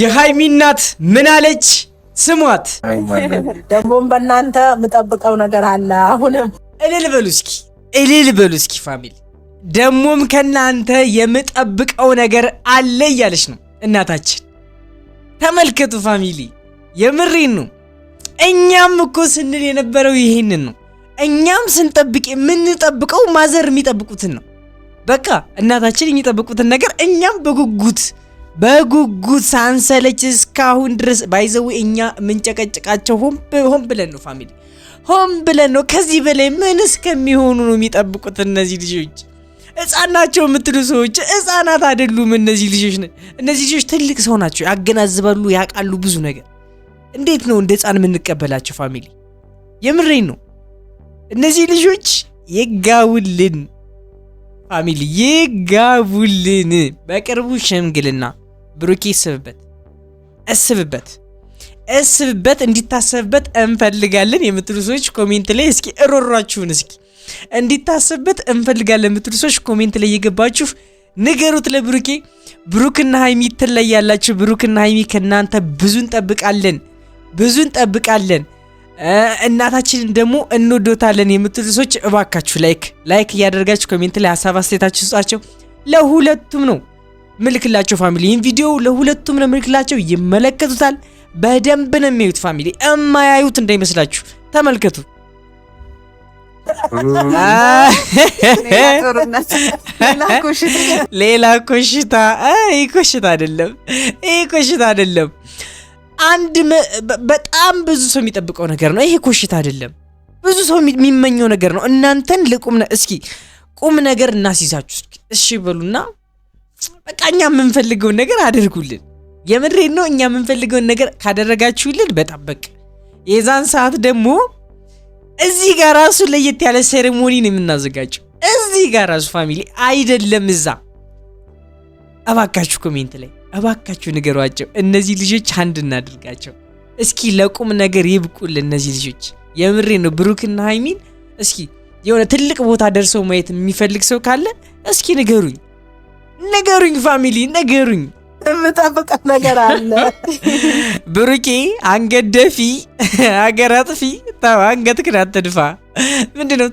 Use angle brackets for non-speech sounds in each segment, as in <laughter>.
የሀይሚ እናት ምን አለች? ስሟት። ደግሞም በእናንተ የምጠብቀው ነገር አለ። አሁንም እልል በሉ እስኪ፣ እልል በሉ እስኪ ፋሚል። ደግሞም ከእናንተ የምጠብቀው ነገር አለ እያለች ነው እናታችን። ተመልከቱ ፋሚሊ፣ የምሬን ነው። እኛም እኮ ስንል የነበረው ይሄንን ነው። እኛም ስንጠብቅ የምንጠብቀው ማዘር የሚጠብቁትን ነው። በቃ እናታችን የሚጠብቁትን ነገር እኛም በጉጉት በጉጉት ሳንሰለች እስካሁን ድረስ ባይዘው እኛ የምንጨቀጭቃቸው ሆን ብለን ነው ፋሚሊ፣ ሆን ብለን ነው። ከዚህ በላይ ምን እስከሚሆኑ ነው የሚጠብቁት እነዚህ ልጆች? ህፃን ናቸው የምትሉ ሰዎች ህፃናት አይደሉም እነዚህ ልጆች። እነዚህ ልጆች ትልቅ ሰው ናቸው፣ ያገናዝባሉ፣ ያውቃሉ ብዙ ነገር። እንዴት ነው እንደ ህፃን የምንቀበላቸው ፋሚሊ? የምሬን ነው። እነዚህ ልጆች ይጋቡልን ፋሚሊ፣ ይጋቡልን በቅርቡ ሽምግልና ብሩኬ ይስብበት፣ እስብበት፣ እስብበት እንዲታሰብበት እንፈልጋለን የምትሉ ሰዎች ኮሜንት ላይ እስኪ እሮሯችሁን እስኪ እንዲታሰብበት እንፈልጋለን የምትሉ ሰዎች ኮሜንት ላይ የገባችሁ ንገሩት ለብሩኬ። ብሩክና ሀይሚ ትለያላችሁ። ብሩክና ሀይሚ ከእናንተ ብዙ እንጠብቃለን፣ ብዙ እንጠብቃለን፣ እናታችንን ደግሞ እንወዶታለን የምትሉ ሰዎች እባካችሁ ላይክ ላይክ እያደረጋችሁ ኮሜንት ላይ ሀሳብ አስተያየታችሁ ስጧቸው። ለሁለቱም ነው ምልክላቸው ፋሚሊ ይህን ቪዲዮ ለሁለቱም ነው ምልክላቸው፣ ይመለከቱታል። በደንብ ነው የሚያዩት ፋሚሊ፣ እማያዩት እንዳይመስላችሁ ተመልከቱ። ሌላ ኮሽታ ይህ ኮሽታ አይደለም፣ ይህ ኮሽታ አይደለም። አንድ በጣም ብዙ ሰው የሚጠብቀው ነገር ነው። ይሄ ኮሽታ አይደለም፣ ብዙ ሰው የሚመኘው ነገር ነው። እናንተን ለቁም እስኪ ቁም ነገር እናስይዛችሁ። እሺ በሉና በቃ እኛ የምንፈልገውን ነገር አድርጉልን። የምድሬን ነው። እኛ የምንፈልገውን ነገር ካደረጋችሁልን በጣም በቃ የዛን ሰዓት ደግሞ እዚህ ጋር ራሱ ለየት ያለ ሴሬሞኒ ነው የምናዘጋጀው። እዚህ ጋር ራሱ ፋሚሊ አይደለም እዛ። እባካችሁ ኮሜንት ላይ እባካችሁ ንገሯቸው፣ እነዚህ ልጆች አንድ እናድርጋቸው እስኪ ለቁም ነገር ይብቁል። እነዚህ ልጆች የምሬ ነው። ብሩክና ሀይሚን እስኪ የሆነ ትልቅ ቦታ ደርሰው ማየት የሚፈልግ ሰው ካለ እስኪ ንገሩኝ። ነገሩኝ ፋሚሊ ነገሩኝ የምጠብቀው ነገር አለ። <laughs> ብሩኬ አንገት ደፊ ሀገር አጥፊ ተው፣ አንገትህን አትድፋ። ምንድነው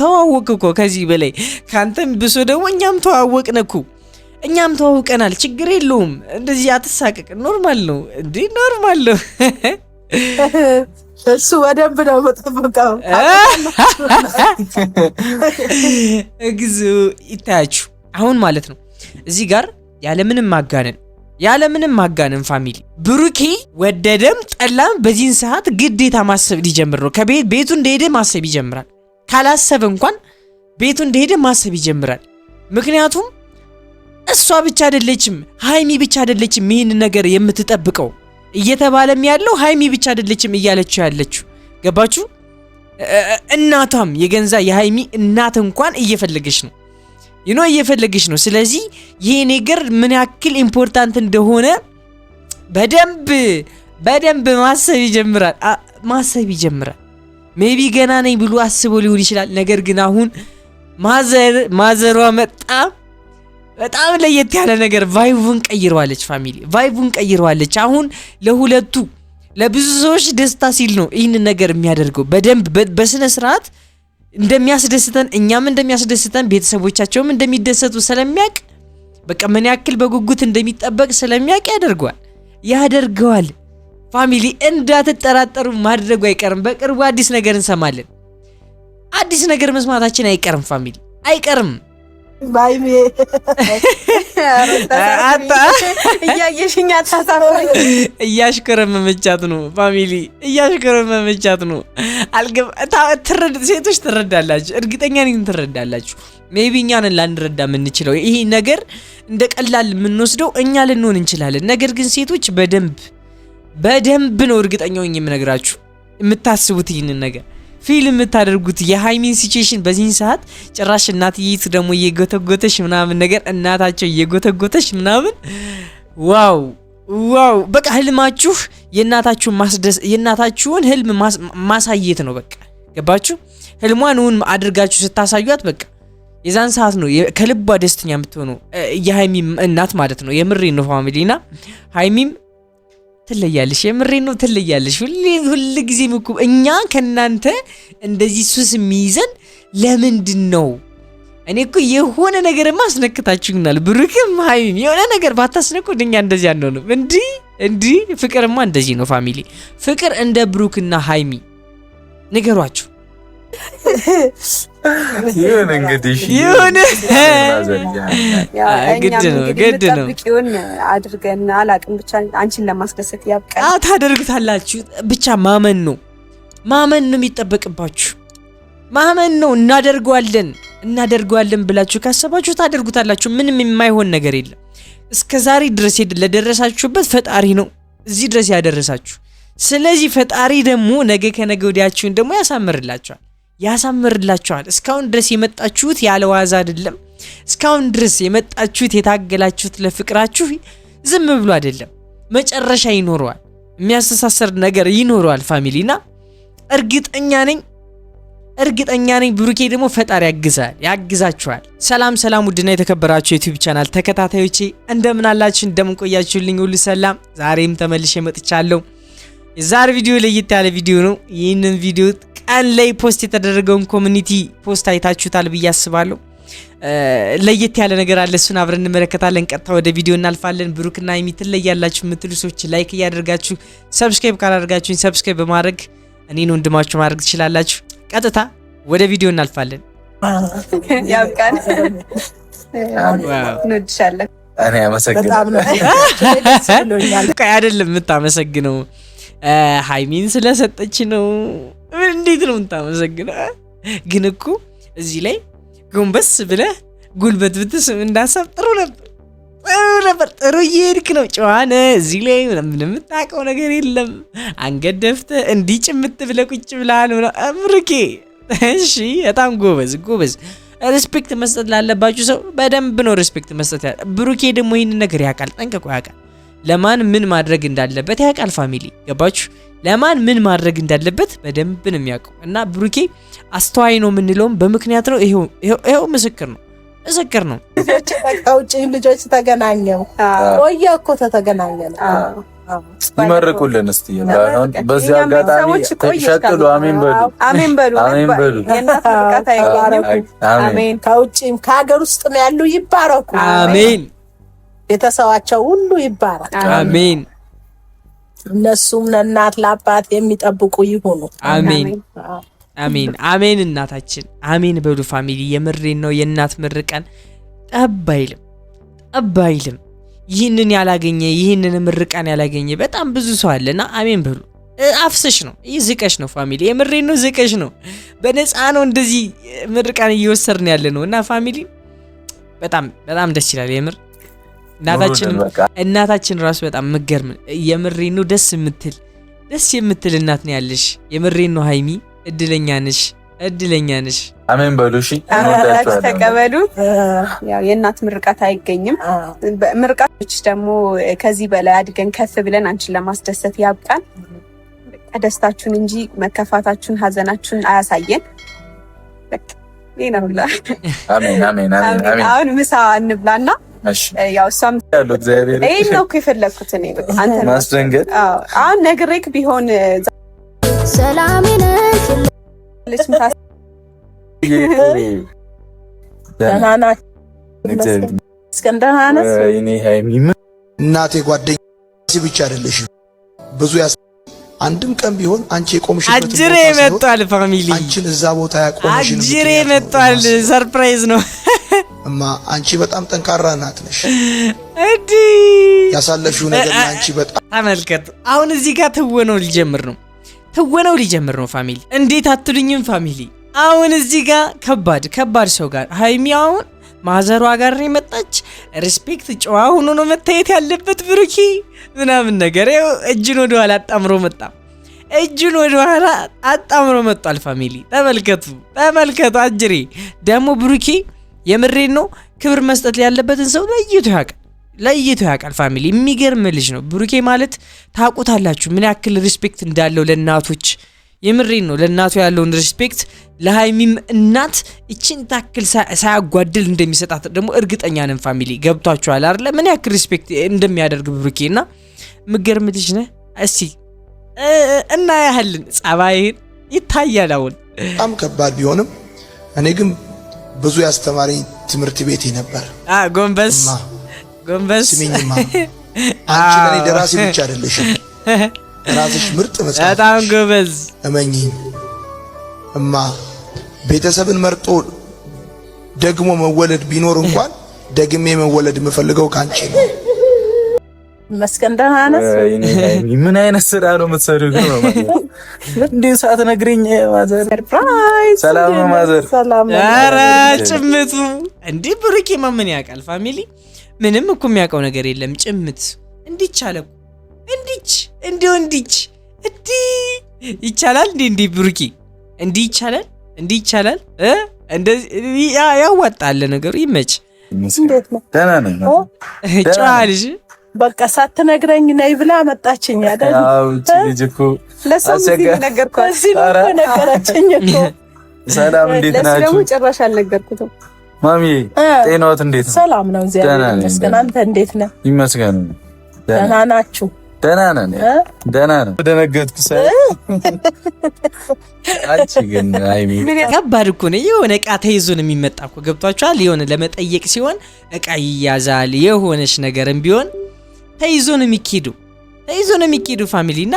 ተዋወቅክ እኮ ከዚህ በላይ ከአንተም ብሶ ደግሞ እኛም ተዋወቅን እኮ እኛም ተዋውቀናል። ችግር የለውም። እንደዚህ አትሳቀቅ። ኖርማል ነው እንዴ? ኖርማል ነው። <laughs> እሱ በደንብ ነው የምጠብቀው። <laughs> እግዚኦ ይታያችሁ። አሁን ማለት ነው እዚህ ጋር ያለምንም ማጋነን ያለምንም ማጋነን ፋሚሊ ብሩኬ ወደደም ጠላም በዚህን ሰዓት ግዴታ ማሰብ ሊጀምር ነው። ከቤት ቤቱ እንደሄደ ማሰብ ይጀምራል። ካላሰብ እንኳን ቤቱ እንደሄደ ማሰብ ይጀምራል። ምክንያቱም እሷ ብቻ አይደለችም፣ ሀይሚ ብቻ አይደለችም ይህን ነገር የምትጠብቀው እየተባለም ያለው ሀይሚ ብቻ አይደለችም እያለችው ያለችው ገባችሁ። እናቷም የገንዛ የሀይሚ እናት እንኳን እየፈለገች ነው። ዩኖ እየፈለገች ነው። ስለዚህ ይሄ ነገር ምን ያክል ኢምፖርታንት እንደሆነ በደንብ በደንብ ማሰብ ይጀምራል ማሰብ ይጀምራል። ሜቢ ገና ነኝ ብሎ አስቦ ሊሆን ይችላል። ነገር ግን አሁን ማዘር ማዘሯ መጣ። በጣም ለየት ያለ ነገር ቫይቡን ቀይረዋለች። ፋሚሊ ቫይቡን ቀይረዋለች። አሁን ለሁለቱ ለብዙ ሰዎች ደስታ ሲል ነው ይህንን ነገር የሚያደርገው በደንብ በስነ ስርዓት እንደሚያስደስተን እኛም እንደሚያስደስተን ቤተሰቦቻቸውም እንደሚደሰቱ ስለሚያውቅ በቃ ምን ያክል በጉጉት እንደሚጠበቅ ስለሚያውቅ ያደርገዋል ያደርገዋል። ፋሚሊ እንዳትጠራጠሩ ማድረጉ አይቀርም። በቅርቡ አዲስ ነገር እንሰማለን። አዲስ ነገር መስማታችን አይቀርም ፋሚሊ አይቀርም። እያሽከረመመቻት ነው ፋሚሊ፣ እያሽከረመመቻት ነው። ሴቶች ትረዳላችሁ፣ እርግጠኛ ነኝ ትረዳላችሁ። ሜቢ እኛንን ላንረዳ የምንችለው ይሄ ነገር እንደ ቀላል የምንወስደው እኛ ልንሆን እንችላለን። ነገር ግን ሴቶች በደንብ በደንብ ነው እርግጠኛው የምነግራችሁ የምታስቡት ይህንን ነገር ፊል የምታደርጉት የሀይሚን ሲቹዌሽን በዚህን ሰዓት ጭራሽ እናትይት ደግሞ እየጎተጎተሽ ምናምን ነገር እናታቸው እየጎተጎተሽ ምናምን ዋው ዋው በቃ ህልማችሁ የእናታችሁን ማስደስ የእናታችሁን ህልም ማሳየት ነው። በቃ ገባችሁ? ህልሟን እውን አድርጋችሁ ስታሳዩት በቃ የዛን ሰዓት ነው ከልቧ ደስተኛ የምትሆኑ የሀይሚም እናት ማለት ነው። የምሬ ነው ፋሚሊና ሀይሚም ትለያለሽ። የምሬ ነው ትለያለሽ። ሁሌ ሁል ጊዜ እኛ ከእናንተ እንደዚህ ሱስ የሚይዘን ለምንድን ነው? እኔ እኮ የሆነ ነገርማ አስነክታችሁናል። ብሩክም ሀይሚም የሆነ ነገር ባታስነኩ እኛ እንደዚህ አንሆንም። እንዲህ እንዲህ ፍቅርማ እንደዚህ ነው። ፋሚሊ ፍቅር እንደ ብሩክና ሀይሚ ንገሯችሁ። ይሁን እንግዲህ ይሁን ግድ ነው ግድ ነው አድርገን አላቅም። ብቻ አንቺን ለማስደሰት ያብቃል። ታደርጉታላችሁ። ብቻ ማመን ነው ማመን ነው የሚጠበቅባችሁ ማመን ነው። እናደርገዋለን እናደርገዋለን ብላችሁ ካሰባችሁ ታደርጉታላችሁ። ምንም የማይሆን ነገር የለም። እስከ ዛሬ ድረስ ለደረሳችሁበት ፈጣሪ ነው እዚህ ድረስ ያደረሳችሁ። ስለዚህ ፈጣሪ ደግሞ ነገ ከነገ ወዲያችሁን ደግሞ ያሳምርላችኋል። ያሳምርላችኋል። እስካሁን ድረስ የመጣችሁት ያለ ዋዛ አይደለም። እስካሁን ድረስ የመጣችሁት የታገላችሁት ለፍቅራችሁ ዝም ብሎ አይደለም። መጨረሻ ይኖረዋል። የሚያስተሳሰር ነገር ይኖረዋል። ፋሚሊና እርግጠኛ ነኝ እርግጠኛ ነኝ ብሩኬ ደግሞ ፈጣሪ ያግዛል ያግዛችኋል። ሰላም ሰላም፣ ውድና የተከበራችሁ ዩቲዩብ ቻናል ተከታታዮቼ እንደምን አላችሁ? እንደምን ቆያችሁልኝ? ሁሉ ሰላም። ዛሬም ተመልሼ መጥቻለሁ። የዛሬ ቪዲዮ ለየት ያለ ቪዲዮ ነው። ይህንን ቪዲዮ ቀን ላይ ፖስት የተደረገውን ኮሚኒቲ ፖስት አይታችሁታል ብዬ አስባለሁ። ለየት ያለ ነገር አለ። እሱን አብረን እንመለከታለን። ቀጥታ ወደ ቪዲዮ እናልፋለን። ብሩክና ሀይሚ ትለያላችሁ የምትሉ ሰዎች ላይክ እያደርጋችሁ ሰብስክራይብ ካላደርጋችሁኝ ሰብስክራይብ በማድረግ እኔን ወንድማችሁ ማድረግ ትችላላችሁ። ቀጥታ ወደ ቪዲዮ እናልፋለን። ያብቃን። እንወድሻለን። አይደለም የምታመሰግነው ሀይሚን ስለሰጠች ነው እንዴት ነው የምታመሰግነው? ግን እኮ እዚህ ላይ ጎንበስ ብለህ ጉልበት ብትስም እንዳሳብ ጥሩ ነበር፣ ጥሩ ነበር፣ ጥሩ እየሄድክ ነው። ጨዋነ እዚህ ላይ ምንም የምታውቀው ነገር የለም። አንገት ደፍተህ እንዲህ ጭምት ብለህ ቁጭ ብለሃል። እምርኬ። እሺ፣ በጣም ጎበዝ ጎበዝ። ሪስፔክት መስጠት ላለባችሁ ሰው በደንብ ነው ሪስፔክት መስጠት ያለ። ብሩኬ ደግሞ ይህንን ነገር ያውቃል፣ ጠንቅቆ ያውቃል። ለማን ምን ማድረግ እንዳለበት ያውቃል። ፋሚሊ ገባችሁ? ለማን ምን ማድረግ እንዳለበት በደንብ ነው የሚያውቀው። እና ብሩኬ አስተዋይ ነው የምንለውም በምክንያት ነው። ይኸው ምስክር ነው ምስክር ነው። ውጭ ልጆች ተገናኘው ቆየ እኮ ተተገናኘ ነው ይመርቁልን እስቲ በዚህ አጋጣሚ ሸቅሉ። አሜን በሉ አሜን በሉ አሜን በሉ። ከውጭም ከሀገር ውስጥ ነው ያሉ ይባረኩ። አሜን። ቤተሰባቸው ሁሉ ይባረክ። አሜን። እነሱም ለእናት ለአባት የሚጠብቁ ይሁኑ። አሜን አሜን አሜን። እናታችን አሜን በሉ ፋሚሊ፣ የምሬን ነው። የእናት ምርቀን ጠብ አይልም ጠብ አይልም። ይህንን ያላገኘ ይህንን ምርቃን ያላገኘ በጣም ብዙ ሰው አለና አሜን በሉ። አፍሰሽ ነው ይህ ዝቀሽ ነው ፋሚሊ፣ የምሬን ነው። ዝቀሽ ነው በነፃ ነው እንደዚህ ምርቃን እየወሰድን ያለ ነው እና ፋሚሊ በጣም በጣም ደስ ይላል የምር እናታችን እናታችን ራሱ በጣም ምገርም የምሬን ነው ደስ የምትል ደስ የምትል እናት ነው ያለሽ። የምሬን ነው ሀይሚ፣ እድለኛ ነሽ፣ እድለኛ ነሽ። አሜን በሉ እሺ፣ ተቀበሉ። ያው የእናት ምርቃት አይገኝም። ምርቃቶች ደግሞ ከዚህ በላይ አድገን ከፍ ብለን አንቺን ለማስደሰት ያብቃን። ደስታችሁን እንጂ መከፋታችሁን፣ ሀዘናችሁን አያሳየን። አሁን ምሳ እንብላና ያው እሷም ይሄን ነው እኮ የፈለግኩት እኔ አንተ ማስደንገጥ። አሁን ነግሬክ ቢሆን እናቴ ጓደኛ ብቻ አይደለሽም ብዙ ያስ አንድም ቀን ቢሆን አንቺ የቆምሽበት አጅሬ መጥቷል። ፋሚሊ አንቺን እዛ ቦታ ያቆምሽ አጅሬ መጥቷል። ሰርፕራይዝ ነው። እማ አንቺ በጣም ጠንካራ ናት ነሽ። እዲ ያሳለፍሽው ነገር አንቺ በጣም ተመልከት። አሁን እዚህ ጋር ትወነው ሊጀምር ነው፣ ትወነው ሊጀምር ነው። ፋሚሊ እንዴት አትሉኝም? ፋሚሊ አሁን እዚህ ጋር ከባድ ከባድ ሰው ጋር ሀይሚ አሁን ማዘሯ ጋር ነው የመጣች። ሪስፔክት ጨዋ ሆኖ ነው መታየት ያለበት። ብሩኪ ምናምን ነገር ያው እጅን ወደ ኋላ አጣምሮ መጣ። እጅን ወደ ኋላ አጣምሮ መጧል ፋሚሊ ተመልከቱ፣ ተመልከቱ። አጅሬ ደግሞ ብሩኪ የምሬን ነው። ክብር መስጠት ያለበትን ሰው ለይቶ ያውቃል ለይቶ ያውቃል። ፋሚሊ የሚገርም ልጅ ነው ብሩኬ ማለት ታውቁታላችሁ፣ ምን ያክል ሪስፔክት እንዳለው ለእናቶች። የምሬን ነው ለእናቱ ያለውን ሪስፔክት ለሀይሚም እናት እችን ታክል ሳያጓድል እንደሚሰጣት ደግሞ እርግጠኛ ነን። ፋሚሊ ገብቷችኋል አይደለ? ምን ያክል ሪስፔክት እንደሚያደርግ ብሩኬ እና የምትገርም ልጅ ነህ። እስቲ እና ያህልን ጸባይህን ይታያል። አሁን በጣም ከባድ ቢሆንም እኔ ግን ብዙ ያስተማረኝ ትምህርት ቤቴ ነበር። ጎንበስ ጎንበስ ስሚኝማ፣ <laughs> አንቺ ለኔ ደራሲ ብቻ አይደለሽም፣ <laughs> ራስሽ ምርጥ መጽሐፍ። በጣም ጎበዝ እመኚ እማ። ቤተሰብን መርጦ ደግሞ መወለድ ቢኖር እንኳን ደግሜ መወለድ የምፈልገው ካንቺ ነው። መስገን ደህና ነህ? ምን አይነት ስራ ነው የምትሰሪው? ግን እንዲህ ሰዓት ነግሪኝ። ማዘር ሰርፕራይዝ። ሰላም ማዘር? ኧረ ጭምቱ እንዲህ ብሩኬማ ምን ያውቃል? ፋሚሊ ምንም እኮ የሚያውቀው ነገር የለም። ጭምት እንዲች አለ እንዲች እንዲሁ እንዲች እንዲህ ይቻላል። እንዲ እንዲ ብሩኬ እንዲ ይቻላል። እንዲ ይቻላል። እንደዚህ ያዋጣል። ነገሩ ይመች። ደህና ጨዋ ልጅ በቃ ሳትነግረኝ ነይ ብላ መጣችኝ አይደል? ልጅ እኮ ለሰው ነገርኳት። ነገረችኝ እኮ ሰላም፣ እንዴት ናችሁ? ደግሞ ጭራሽ አልነገርኩትም። ማሚ ጤናዎት እንዴት ነው? ሰላም ነው፣ እግዚአብሔር ይመስገን። አንተ እንዴት ነህ? ይመስገን። ደህና ናችሁ? ደህና ነን፣ ደህና ነን። ደነገጥኩ። አንቺ ግን አይሚ ከባድ እኮ ነው። የሆነ እቃ ተይዞ ነው የሚመጣ እኮ ገብቷችኋል? የሆነ ለመጠየቅ ሲሆን እቃ ይያዛል፣ የሆነች ነገርም ቢሆን ተይዞ ነው የሚኬዱ ተይዞ ነው የሚኬዱ ፋሚሊ እና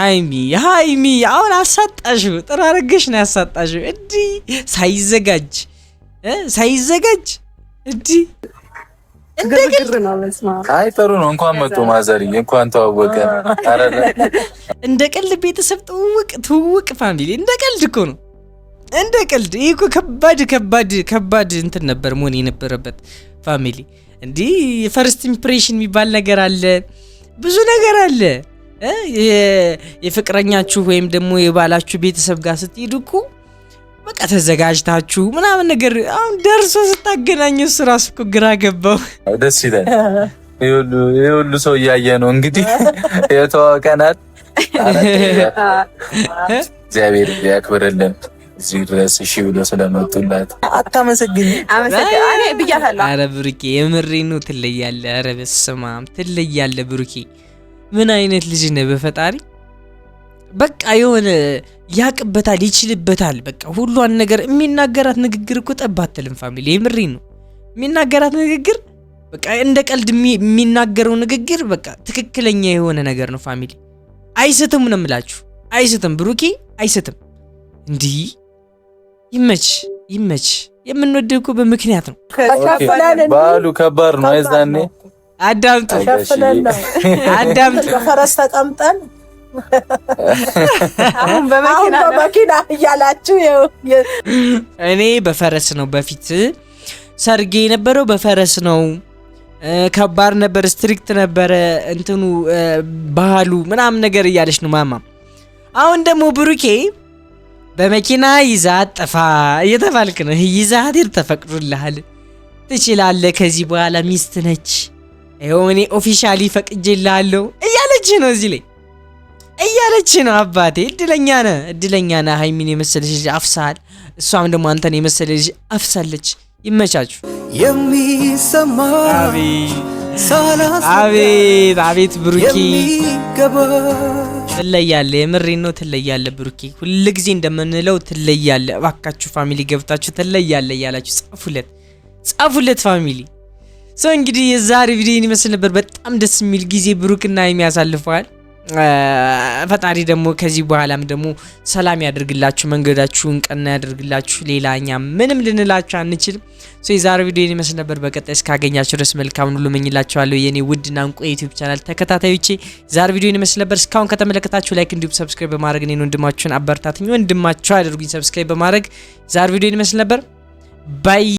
ሀይሚ ሀይሚ አሁን አሳጣሽው። ጥሩ አረገሽ ነው ያሳጣሽው። እንዲህ ሳይዘጋጅ ሳይዘጋጅ እንዲህ አይ ጥሩ ነው። እንኳን መጡ ማዘሪ፣ እንኳን ተዋወቀ። እንደ ቀልድ ቤተሰብ ትውውቅ ትውውቅ ፋሚሊ እንደ ቀልድ እኮ ነው እንደ ቀልድ። ይህ ከባድ ከባድ ከባድ እንትን ነበር መሆን የነበረበት ፋሚሊ እንዲህ የፈርስት ኢምፕሬሽን የሚባል ነገር አለ፣ ብዙ ነገር አለ። የፍቅረኛችሁ ወይም ደግሞ የባላችሁ ቤተሰብ ጋር ስትሄዱ እኮ በቃ ተዘጋጅታችሁ ምናምን ነገር አሁን ደርሶ ስታገናኘ እሱ ራሱ እኮ ግራ ገባው። ደስ ይላል። ይህ ሁሉ ሰው እያየ ነው እንግዲህ <laughs> የተዋወቀናል። እግዚአብሔር ያክብርልን። እዚህ ድረስ እሺ ብሎ ስለመጡላት አታመሰግኝ ብያታለሁ። አረ ብሩኬ ነው። ትለያለ። አረ በስማም ትለያለ። ብሩኬ ምን አይነት ልጅ ነህ? በፈጣሪ በቃ የሆነ ያቅበታል፣ ይችልበታል። በቃ ሁሏን ነገር የሚናገራት ንግግር እኮ ጠባትልም። ፋሚሊ የምሬ ነው የሚናገራት ንግግር በቃ እንደ ቀልድ የሚናገረው ንግግር በቃ ትክክለኛ የሆነ ነገር ነው። ፋሚሊ አይስትም ነው የምላችሁ፣ አይስትም ብሩኬ አይስትም እንዲህ ይመች ይመች። የምንወደው እኮ በምክንያት ነው። በዓሉ ከባድ ነው። አይዛኔ አዳምጡ፣ አዳምጡ። በፈረስ ተቀምጠን አሁን በመኪና እያላችሁ እኔ በፈረስ ነው። በፊት ሰርጌ የነበረው በፈረስ ነው። ከባድ ነበር፣ ስትሪክት ነበረ እንትኑ ባህሉ ምናምን ነገር እያለች ነው ማማ። አሁን ደግሞ ብሩኬ በመኪና ይዛት ጥፋ እየተባልክ ነው። ይዛት ተፈቅዶልሃል፣ ትችላለህ። ከዚህ በኋላ ሚስት ነች፣ ይኸው እኔ ኦፊሻሊ ፈቅጄልሃለሁ እያለች ነው። እዚህ ላይ እያለች ነው። አባቴ እድለኛ ነህ፣ እድለኛ ነህ። ሀይሚን የመሰለች ልጅ አፍሳል፣ እሷም ደግሞ አንተን የመሰለ ልጅ አፍሳለች። ይመቻችሁ። የሚሰማ አቤት አቤት አቤት ብሩኪ ትለያለ። የምሬ ነው ትለያለ። ብሩኬ ጊዜ እንደምንለው ትለያለ። እባካችሁ ፋሚሊ ገብታችሁ ትለያለ እያላችሁ ጻፉለት፣ ጻፉለት ፋሚሊ ሰው እንግዲህ የዛሬ ቪዲዮ ይመስል ነበር። በጣም ደስ የሚል ጊዜ ብሩክና የሚያሳልፈዋል ፈጣሪ ደግሞ ከዚህ በኋላም ደግሞ ሰላም ያደርግላችሁ፣ መንገዳችሁን ቀና ያደርግላችሁ። ሌላ እኛ ምንም ልንላችሁ አንችልም። ሶ የዛሬ ቪዲዮ ይመስል ነበር። በቀጣይ እስካገኛችሁ ድረስ መልካም ሁሉ መኝላችኋለሁ። የኔ ውድና እንቁ የዩቲዩብ ቻናል ተከታታዮቼ ዛሬ ቪዲዮ ይመስል ነበር። እስካሁን ከተመለከታችሁ ላይክ፣ እንዲሁም ሰብስክራይብ በማድረግ እኔን ወንድማችሁን አበረታትኝ፣ ወንድማችሁ አድርጉኝ። ሰብስክራይብ በማድረግ ዛሬ ቪዲዮ ይመስል ነበር። ባይ